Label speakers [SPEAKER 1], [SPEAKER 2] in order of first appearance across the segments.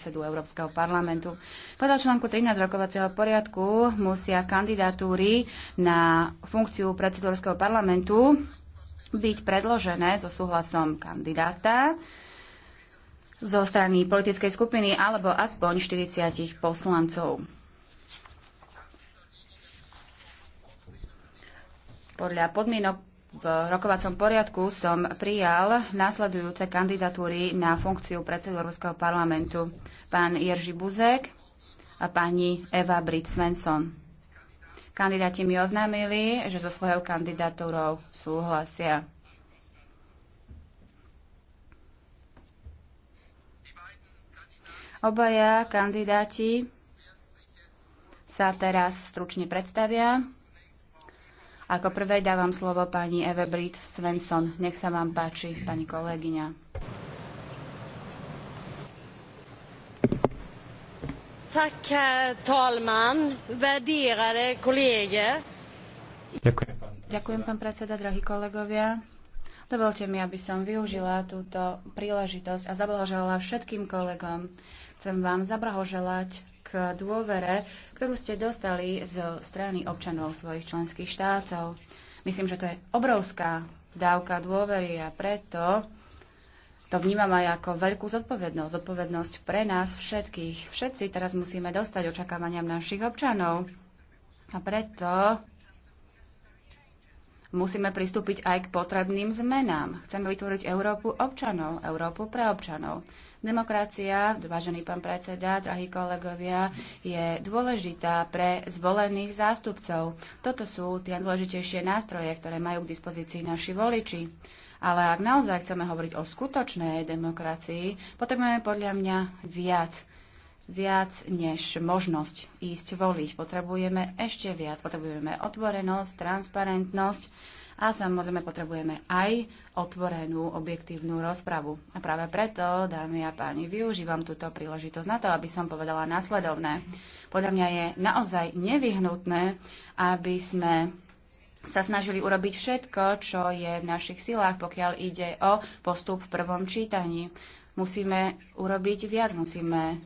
[SPEAKER 1] predsedu Európskeho parlamentu. Podľa článku 13 rokovacieho poriadku musia kandidatúry na funkciu predsedu Európskeho parlamentu byť predložené so súhlasom kandidáta zo strany politickej skupiny alebo aspoň 40 poslancov. Podľa podmienok v rokovacom poriadku som prijal následujúce kandidatúry na funkciu predsedu Európskeho parlamentu. Pán Jerži Buzek a pani Eva Brit Svensson. Kandidáti mi oznámili, že so svojou kandidatúrou súhlasia. Obaja kandidáti sa teraz stručne predstavia. Ako prvé dávam slovo pani Eve Brit Svensson. Nech sa vám páči, pani kolegyňa. Tak, talman, värderade kolleger. Ďakujem, pán predseda. Ďakujem, pán predseda, drahí kolegovia. Dovolte mi, aby som využila túto príležitosť a zablahoželala všetkým kolegom. Chcem vám zablahoželať dôvere, ktorú ste dostali zo strany občanov svojich členských štátov. Myslím, že to je obrovská dávka dôvery a preto to vnímam aj ako veľkú zodpovednosť. Zodpovednosť pre nás všetkých. Všetci teraz musíme dostať očakávaniam našich občanov. A preto musíme pristúpiť aj k potrebným zmenám. Chceme vytvoriť Európu občanov, Európu pre občanov. Demokracia, vážený pán predseda, drahí kolegovia, je dôležitá pre zvolených zástupcov. Toto sú tie dôležitejšie nástroje, ktoré majú k dispozícii naši voliči. Ale ak naozaj chceme hovoriť o skutočnej demokracii, potrebujeme podľa mňa viac viac než možnosť ísť voliť. Potrebujeme ešte viac. Potrebujeme otvorenosť, transparentnosť a samozrejme potrebujeme aj otvorenú objektívnu rozpravu. A práve preto, dámy a páni, využívam túto príležitosť na to, aby som povedala následovné. Podľa mňa je naozaj nevyhnutné, aby sme sa snažili urobiť všetko, čo je v našich silách, pokiaľ ide o postup v prvom čítaní. Musíme urobiť viac, musíme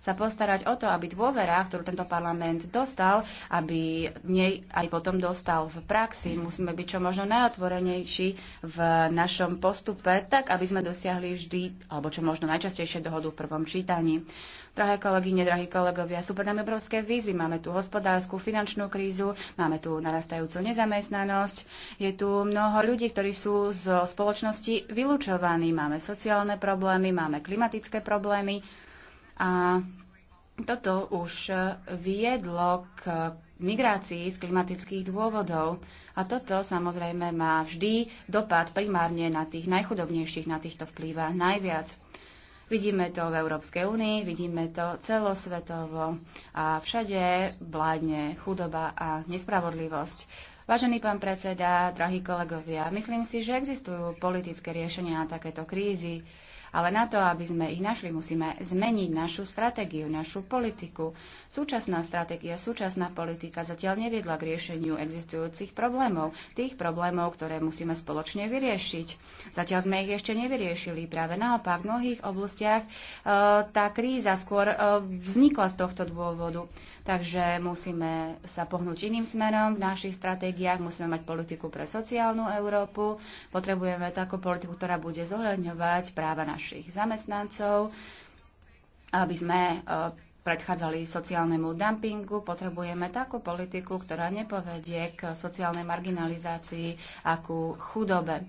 [SPEAKER 1] sa postarať o to, aby dôvera, ktorú tento parlament dostal, aby nej aj potom dostal v praxi. Musíme byť čo možno najotvorenejší v našom postupe, tak aby sme dosiahli vždy, alebo čo možno najčastejšie dohodu v prvom čítaní. Drahé kolegyne, drahí kolegovia, sú pred nami obrovské výzvy. Máme tu hospodárskú, finančnú krízu, máme tu narastajúcu nezamestnanosť, je tu mnoho ľudí, ktorí sú zo spoločnosti vylúčovaní, máme sociálne problémy, máme klimatické problémy. A toto už viedlo k migrácii z klimatických dôvodov. A toto samozrejme má vždy dopad primárne na tých najchudobnejších, na týchto vplýva najviac. Vidíme to v Európskej únii, vidíme to celosvetovo a všade vládne chudoba a nespravodlivosť. Vážený pán predseda, drahí kolegovia, myslím si, že existujú politické riešenia na takéto krízy. Ale na to, aby sme ich našli, musíme zmeniť našu stratégiu, našu politiku. Súčasná stratégia, súčasná politika zatiaľ neviedla k riešeniu existujúcich problémov, tých problémov, ktoré musíme spoločne vyriešiť. Zatiaľ sme ich ešte nevyriešili. Práve naopak, v mnohých oblastiach e, tá kríza skôr e, vznikla z tohto dôvodu. Takže musíme sa pohnúť iným smerom v našich stratégiách, musíme mať politiku pre sociálnu Európu, potrebujeme takú politiku, ktorá bude zohľadňovať práva na našich zamestnancov, aby sme e, predchádzali sociálnemu dumpingu, potrebujeme takú politiku, ktorá nepovedie k sociálnej marginalizácii a ku chudobe.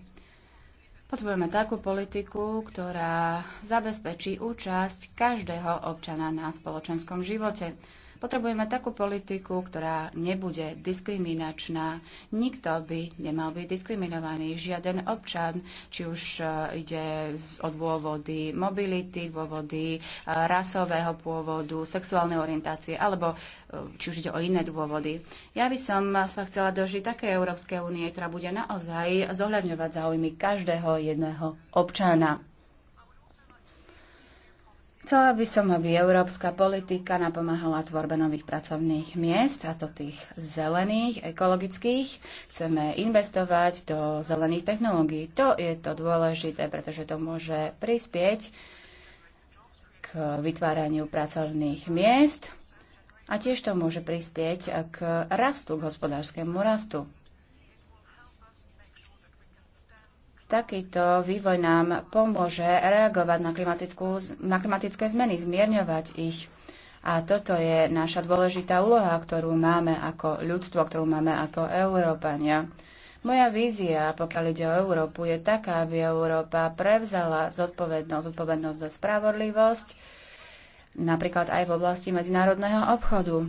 [SPEAKER 1] Potrebujeme takú politiku, ktorá zabezpečí účasť každého občana na spoločenskom živote. Potrebujeme takú politiku, ktorá nebude diskriminačná. Nikto by nemal byť diskriminovaný, žiaden občan, či už e, ide o dôvody mobility, dôvody e, rasového pôvodu, sexuálnej orientácie, alebo e, či už ide o iné dôvody. Ja by som sa chcela dožiť také Európskej únie, ktorá bude naozaj zohľadňovať záujmy každého jedného občana. Chcela by som, aby európska politika napomáhala tvorbe nových pracovných miest, a to tých zelených, ekologických. Chceme investovať do zelených technológií. To je to dôležité, pretože to môže prispieť k vytváraniu pracovných miest a tiež to môže prispieť k rastu, k hospodárskému rastu. Takýto vývoj nám pomôže reagovať na, na klimatické zmeny, zmierňovať ich. A toto je naša dôležitá úloha, ktorú máme ako ľudstvo, ktorú máme ako Európania. Moja vízia, pokiaľ ide o Európu, je taká, aby Európa prevzala zodpovednosť, zodpovednosť za spravodlivosť, napríklad aj v oblasti medzinárodného obchodu.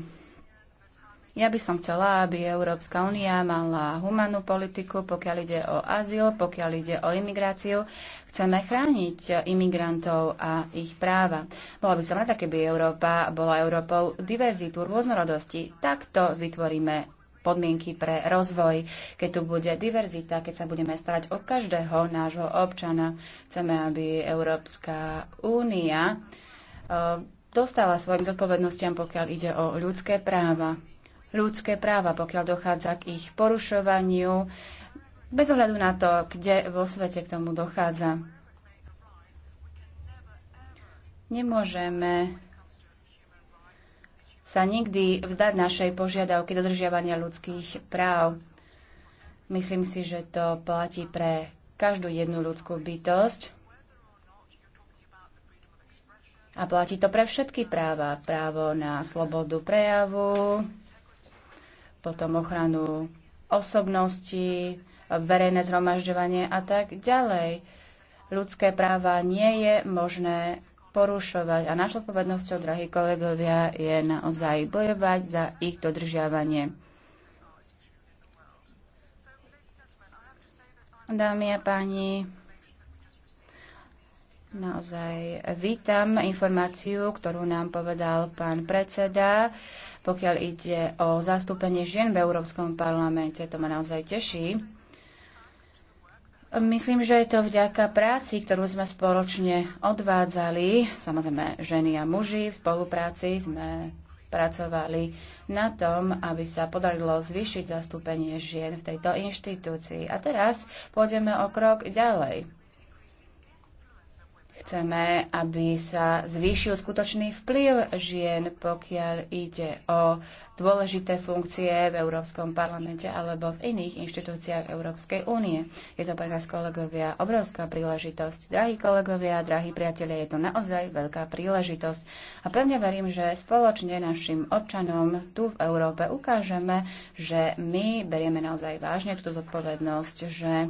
[SPEAKER 1] Ja by som chcela, aby Európska únia mala humanú politiku, pokiaľ ide o azyl, pokiaľ ide o imigráciu. Chceme chrániť imigrantov a ich práva. Bola by som rada, keby Európa bola Európou diverzitu, rôznorodosti. Takto vytvoríme podmienky pre rozvoj, keď tu bude diverzita, keď sa budeme starať o každého nášho občana. Chceme, aby Európska únia eh, dostala svojim zodpovednostiam, pokiaľ ide o ľudské práva ľudské práva, pokiaľ dochádza k ich porušovaniu, bez ohľadu na to, kde vo svete k tomu dochádza. Nemôžeme sa nikdy vzdať našej požiadavky dodržiavania ľudských práv. Myslím si, že to platí pre každú jednu ľudskú bytosť a platí to pre všetky práva. Právo na slobodu prejavu, potom ochranu osobnosti, verejné zhromažďovanie a tak ďalej. Ľudské práva nie je možné porušovať a našou povednosťou, drahí kolegovia, je naozaj bojovať za ich dodržiavanie. Dámy a páni, naozaj vítam informáciu, ktorú nám povedal pán predseda pokiaľ ide o zastúpenie žien v Európskom parlamente. To ma naozaj teší. Myslím, že je to vďaka práci, ktorú sme spoločne odvádzali. Samozrejme, ženy a muži v spolupráci sme pracovali na tom, aby sa podarilo zvýšiť zastúpenie žien v tejto inštitúcii. A teraz pôjdeme o krok ďalej. Chceme, aby sa zvýšil skutočný vplyv žien, pokiaľ ide o dôležité funkcie v Európskom parlamente alebo v iných inštitúciách Európskej únie. Je to pre nás, kolegovia, obrovská príležitosť. Drahí kolegovia, drahí priatelia, je to naozaj veľká príležitosť. A pevne verím, že spoločne našim občanom tu v Európe ukážeme, že my berieme naozaj vážne túto zodpovednosť, že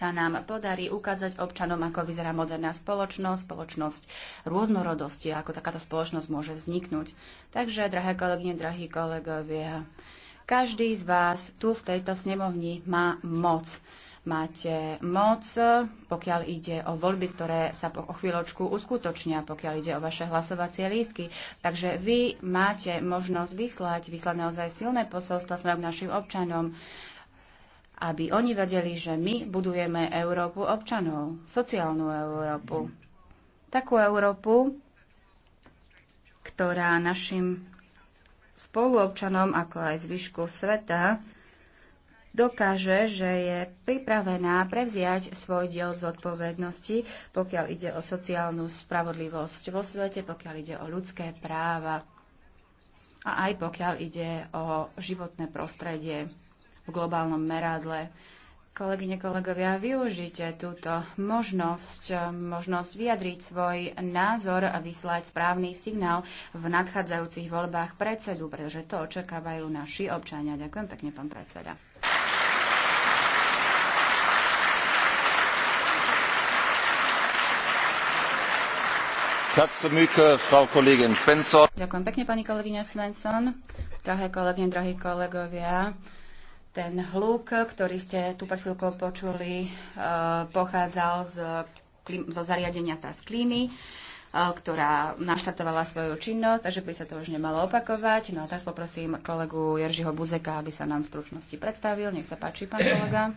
[SPEAKER 1] sa nám podarí ukázať občanom, ako vyzerá moderná spoločnosť, spoločnosť rôznorodosti, ako takáto spoločnosť môže vzniknúť. Takže, drahé kolegyne, drahí kolegovia, každý z vás tu v tejto snemovni má moc máte moc, pokiaľ ide o voľby, ktoré sa po o chvíľočku uskutočnia, pokiaľ ide o vaše hlasovacie lístky. Takže vy máte možnosť vyslať, vyslať naozaj silné posolstva smerom našim občanom aby oni vedeli, že my budujeme Európu občanov, sociálnu Európu. Takú Európu, ktorá našim spoluobčanom, ako aj zvyšku sveta, dokáže, že je pripravená prevziať svoj diel zodpovednosti, pokiaľ ide o sociálnu spravodlivosť vo svete, pokiaľ ide o ľudské práva a aj pokiaľ ide o životné prostredie v globálnom meradle. Kolegyne, kolegovia, využite túto možnosť, eh, možnosť vyjadriť svoj názor a vyslať správny signál v nadchádzajúcich voľbách predsedu, pretože to očakávajú naši občania. Ďakujem pekne, pán predseda. Ďakujem pekne, pani kolegyňa Svensson. Drahé kolegyne, drahí kolegovia, ten hluk, ktorý ste tu pred chvíľkou počuli, e, pochádzal z, zo zariadenia sa z klímy e, ktorá naštartovala svoju činnosť, takže by sa to už nemalo opakovať. No a teraz poprosím kolegu Jeržiho Buzeka, aby sa nám v stručnosti predstavil. Nech sa páči, pán kolega.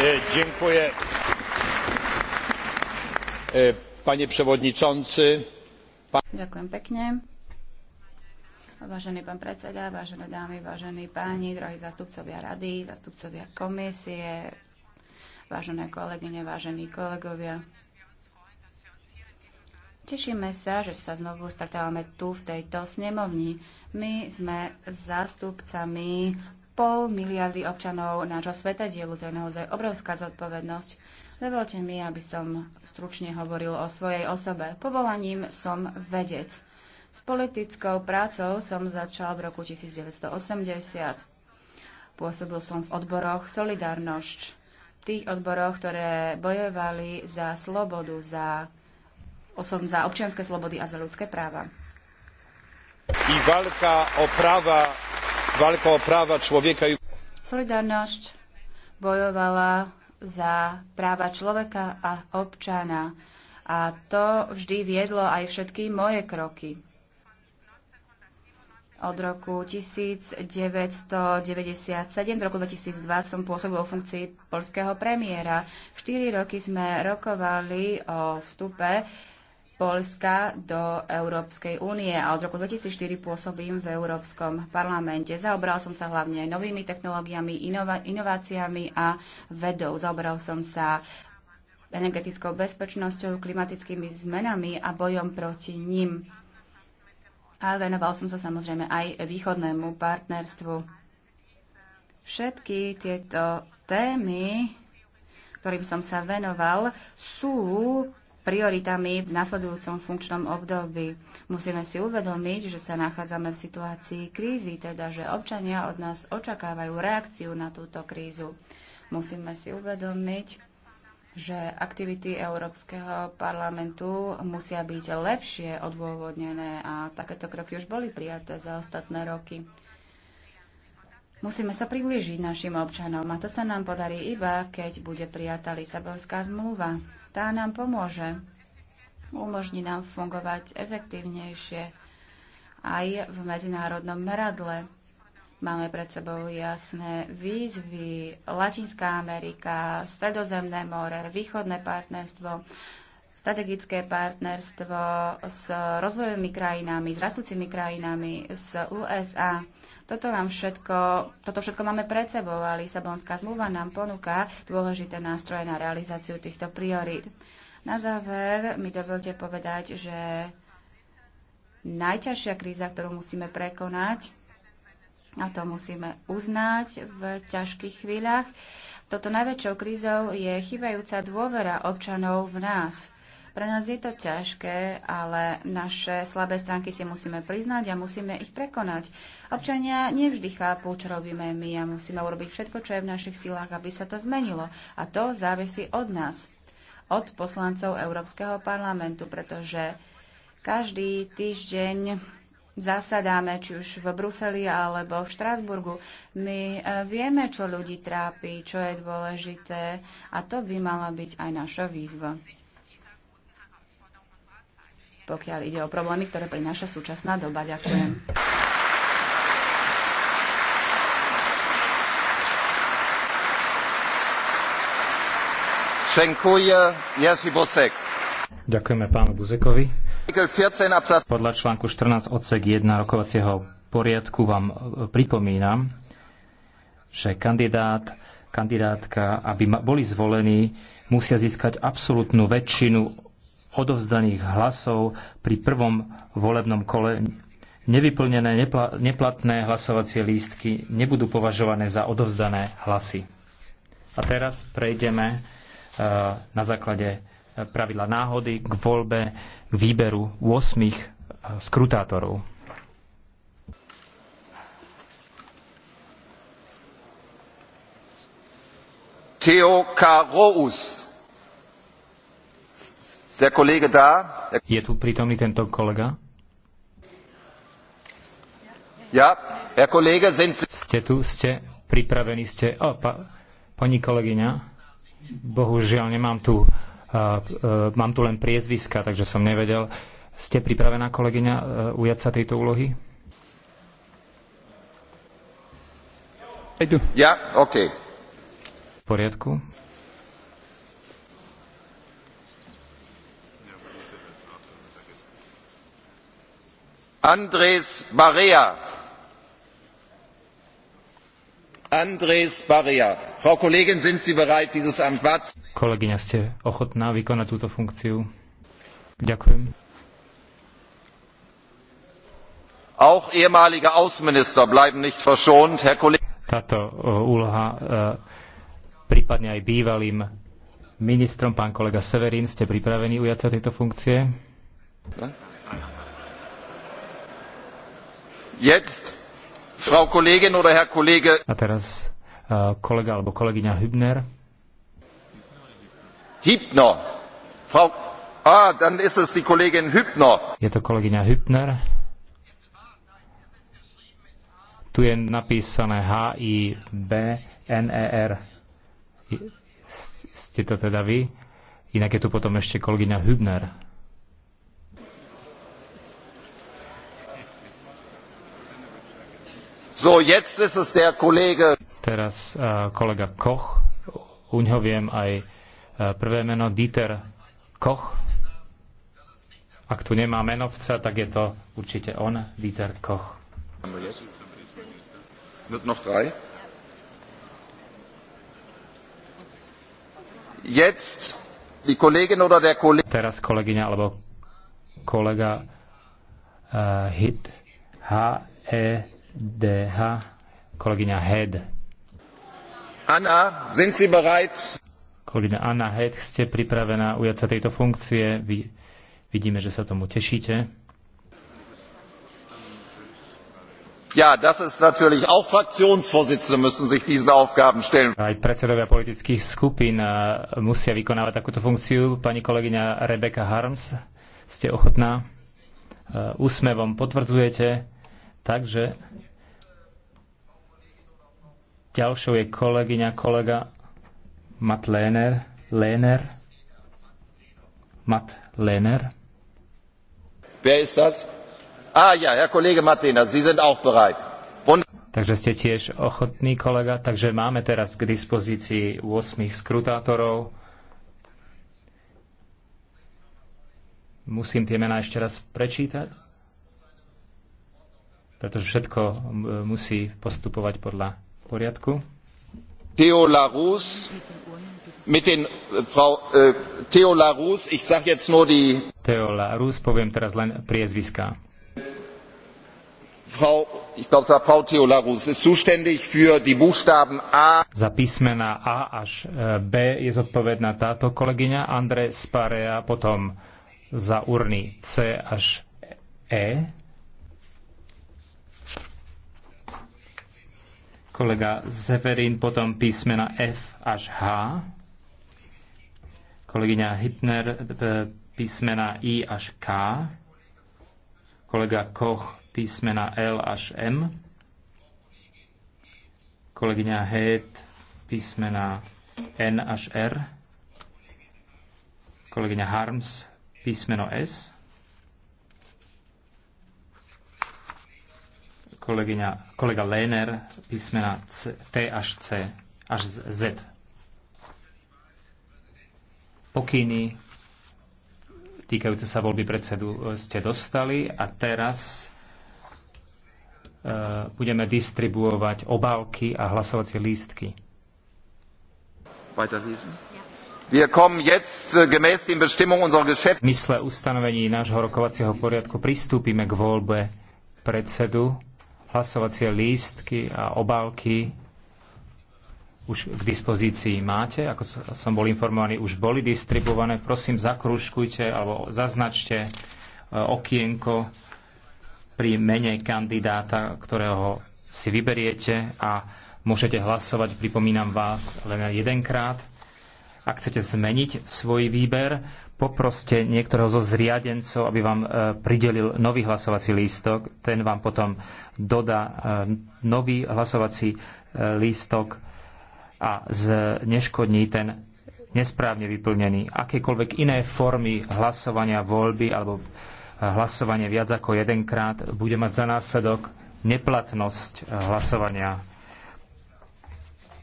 [SPEAKER 2] E, dziękuję. Panie przewodniczący.
[SPEAKER 1] Pan... Ďakujem pekne. Vážený pán predseda, vážené dámy, vážení páni, drahí zastupcovia rady, zastupcovia komisie, vážené kolegyne, vážení kolegovia. Tešíme sa, že sa znovu stretávame tu v tejto snemovni. My sme zástupcami pol miliardy občanov nášho sveta dielu. To je naozaj obrovská zodpovednosť. Dovolte mi, aby som stručne hovoril o svojej osobe. Povolaním som vedec. S politickou prácou som začal v roku 1980. Pôsobil som v odboroch Solidarnosť, v tých odboroch, ktoré bojovali za slobodu, za, osom, za občianske slobody a za ľudské práva.
[SPEAKER 2] I válka o práva, válka o práva človeka.
[SPEAKER 1] Solidarnosť bojovala za práva človeka a občana. A to vždy viedlo aj všetky moje kroky od roku 1997 do roku 2002 som pôsobil v funkcii polského premiéra. 4 roky sme rokovali o vstupe Polska do Európskej únie a od roku 2004 pôsobím v Európskom parlamente. Zaobral som sa hlavne novými technológiami, inova- inováciami a vedou. Zaobral som sa energetickou bezpečnosťou, klimatickými zmenami a bojom proti nim a venoval som sa samozrejme aj východnému partnerstvu. Všetky tieto témy, ktorým som sa venoval, sú prioritami v nasledujúcom funkčnom období. Musíme si uvedomiť, že sa nachádzame v situácii krízy, teda že občania od nás očakávajú reakciu na túto krízu. Musíme si uvedomiť, že aktivity Európskeho parlamentu musia byť lepšie odôvodnené a takéto kroky už boli prijaté za ostatné roky. Musíme sa priblížiť našim občanom a to sa nám podarí iba, keď bude prijatá Lisabonská zmluva. Tá nám pomôže. Umožní nám fungovať efektívnejšie aj v medzinárodnom meradle. Máme pred sebou jasné výzvy. Latinská Amerika, Stredozemné more, Východné partnerstvo, strategické partnerstvo s rozvojovými krajinami, s rastúcimi krajinami, s USA. Toto, nám všetko, toto všetko máme pred sebou a Lisabonská zmluva nám ponúka dôležité nástroje na realizáciu týchto priorít. Na záver mi dovolte povedať, že najťažšia kríza, ktorú musíme prekonať, a to musíme uznať v ťažkých chvíľach. Toto najväčšou krízou je chybajúca dôvera občanov v nás. Pre nás je to ťažké, ale naše slabé stránky si musíme priznať a musíme ich prekonať. Občania nevždy chápu, čo robíme my a musíme urobiť všetko, čo je v našich silách, aby sa to zmenilo. A to závisí od nás, od poslancov Európskeho parlamentu, pretože každý týždeň zasadáme, či už v Bruseli alebo v Štrásburgu. My e, vieme, čo ľudí trápi, čo je dôležité a to by mala byť aj naša výzva pokiaľ ide o problémy, ktoré prináša súčasná doba. Ďakujem.
[SPEAKER 3] Ďakujeme pánu Buzekovi. Podľa článku 14 odsek 1 rokovacieho poriadku vám e, pripomínam, že kandidát, kandidátka, aby boli zvolení, musia získať absolútnu väčšinu odovzdaných hlasov pri prvom volebnom kole. Nevyplnené neplatné hlasovacie lístky nebudú považované za odovzdané hlasy. A teraz prejdeme e, na základe Eh, pravidla náhody k voľbe, k výberu 8 eh, skrutátorov.
[SPEAKER 2] Theo Karous. Der Kollege da?
[SPEAKER 3] Je tu prítomný tento kolega? Ja, Herr Kollege, sind Sie... Ste tu, ste pripravení, ste... O, pa, pani kolegyňa, bohužiaľ nemám tu E, mám tu len priezviska, takže som nevedel. Ste pripravená, kolegyňa, e, ujať sa tejto úlohy? Ja, OK. V poriadku.
[SPEAKER 2] Andres Barea. Andres Barea. frau kollegin sind sie bereit dieses amt wahrzunehmen?
[SPEAKER 3] kolegyňa, ste ochotná vykonať túto funkciu? Ďakujem.
[SPEAKER 2] Auch ehemalige Außenminister bleiben nicht verschont. Herr Kollege.
[SPEAKER 3] Táto úloha e, prípadne aj bývalým ministrom, pán kolega Severín, ste pripravení ujať sa tejto funkcie?
[SPEAKER 2] Jetzt, Frau Kollegin oder Herr Kollege.
[SPEAKER 3] A teraz e, kolega alebo kolegyňa Hübner.
[SPEAKER 2] Frau, ah, dann ist es die Kollegin
[SPEAKER 3] Je to kolegyňa Hübner. Tu je napísané H-I-B-N-E-R. Ste to teda vy? Inak je tu potom ešte kolegyňa Hübner.
[SPEAKER 2] So, jetzt ist es der Kollege.
[SPEAKER 3] Teraz uh, kolega Koch. u Uňho viem aj E, prvé meno Dieter Koch. Ak tu nemá menovca, tak je to určite on, Dieter Koch. noch drei? Jetzt die Kollegin oder der Kollege. Teraz kolegyňa alebo kolega uh, Hit H E D H kolegyňa Head.
[SPEAKER 2] Anna, sind Sie
[SPEAKER 3] bereit? Kolina Anna Het, ste pripravená ujať sa tejto funkcie. Vy, vidíme, že sa tomu tešíte.
[SPEAKER 2] Ja, das ist natürlich auch Fraktionsvorsitzende müssen sich diesen Aufgaben stellen.
[SPEAKER 3] Aj predsedovia politických skupín musia vykonávať takúto funkciu. Pani kolegyňa Rebecca Harms, ste ochotná? Úsmevom potvrdzujete. Takže ďalšou je kolegyňa, kolega Matt Lehner, Lehner, Matt Lehner.
[SPEAKER 2] Wer ist das? Ah ja, Herr Kollege Matt Lehner, Sie sind auch bereit.
[SPEAKER 3] Und... Takže ste tiež ochotný kolega, takže máme teraz k dispozícii 8 skrutátorov. Musím tie mená ešte raz prečítať, pretože všetko musí postupovať podľa poriadku.
[SPEAKER 2] Theo Larus mit äh, äh, ich sage jetzt nur die
[SPEAKER 3] Theo Larus, poviem teraz len priezviská.
[SPEAKER 2] Frau, ich glaube, es war Frau Theo Larus, ist zuständig für die Buchstaben A.
[SPEAKER 3] Za písmena A až äh, B je zodpovedná táto kolegyňa Andre Sparea, potom za urny C až E kolega Severin, potom písmena F až H, kolegyňa Hitner e, písmena I až K, kolega Koch písmena L až M, kolegyňa Het písmena N až R, kolegyňa Harms písmeno S, kolegyňa, kolega Léner, písmena C, T až C, až Z. Pokyny týkajúce sa voľby predsedu e, ste dostali a teraz e, budeme distribuovať obálky a hlasovacie lístky.
[SPEAKER 2] Äh,
[SPEAKER 3] v Mysle ustanovení nášho rokovacieho poriadku pristúpime k voľbe predsedu Hlasovacie lístky a obálky už k dispozícii máte. Ako som bol informovaný, už boli distribuované. Prosím, zakrúškujte alebo zaznačte e, okienko pri mene kandidáta, ktorého si vyberiete a môžete hlasovať, pripomínam vás, len jedenkrát. Ak chcete zmeniť svoj výber, poproste niektorého zo zriadencov, aby vám e, pridelil nový hlasovací lístok. Ten vám potom dodá e, nový hlasovací e, lístok a zneškodní ten nesprávne vyplnený. Akékoľvek iné formy hlasovania voľby alebo hlasovanie viac ako jedenkrát bude mať za následok neplatnosť hlasovania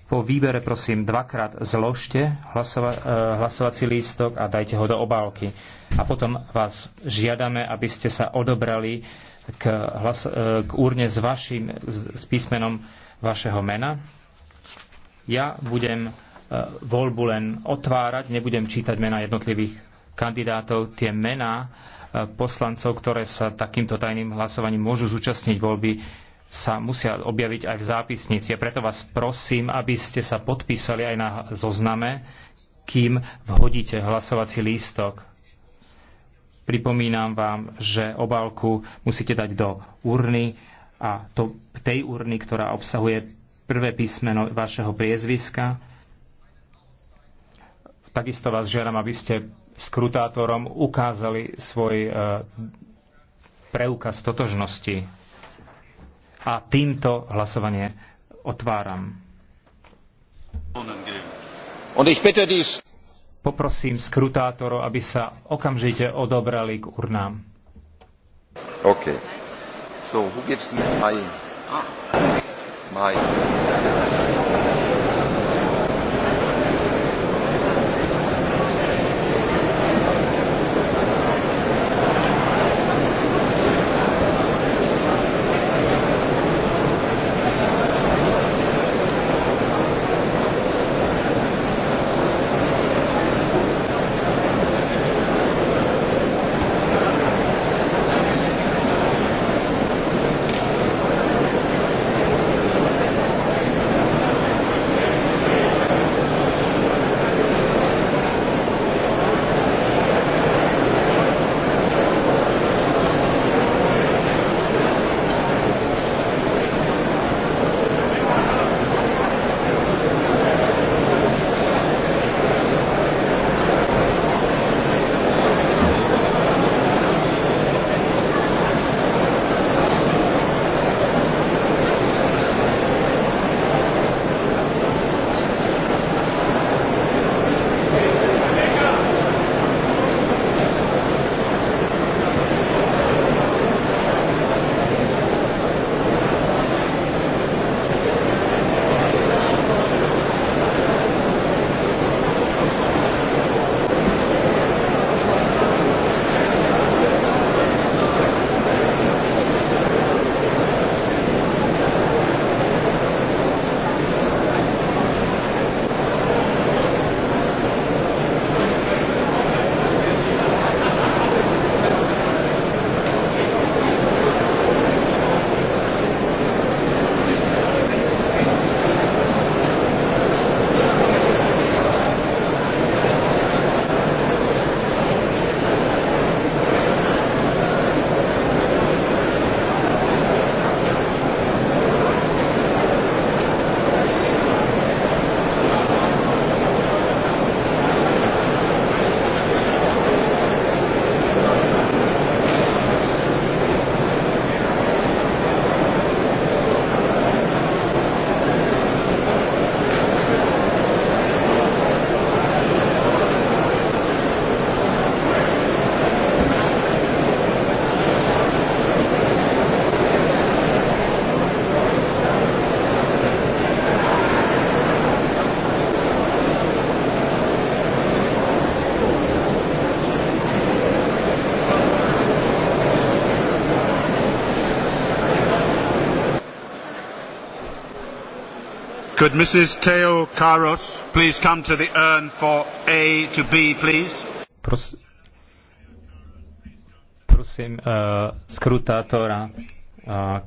[SPEAKER 3] po výbere prosím dvakrát zložte hlasova, e, hlasovací lístok a dajte ho do obálky. A potom vás žiadame, aby ste sa odobrali k, hlas, e, k úrne s, vašim, s písmenom vašeho mena. Ja budem e, voľbu len otvárať, nebudem čítať mena jednotlivých kandidátov. Tie mená poslancov, ktoré sa takýmto tajným hlasovaním môžu zúčastniť voľby, sa musia objaviť aj v zápisnici. A preto vás prosím, aby ste sa podpísali aj na zozname, kým vhodíte hlasovací lístok. Pripomínam vám, že obálku musíte dať do urny a to tej urny, ktorá obsahuje prvé písmeno vašeho priezviska. Takisto vás žiadam, aby ste skrutátorom ukázali svoj eh, preukaz totožnosti. A týmto hlasovanie otváram. Poprosím skrutátorov, aby sa okamžite odobrali k urnám. Okay. So, who gives me my... Ah, my...
[SPEAKER 2] Could Mrs. Teo Karos please come to the urn for A to B, please?
[SPEAKER 3] Pros- prosím uh, skrutátora, uh,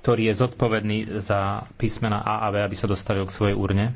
[SPEAKER 3] ktorý je zodpovedný za písmena A a B, aby sa dostavil k svojej urne.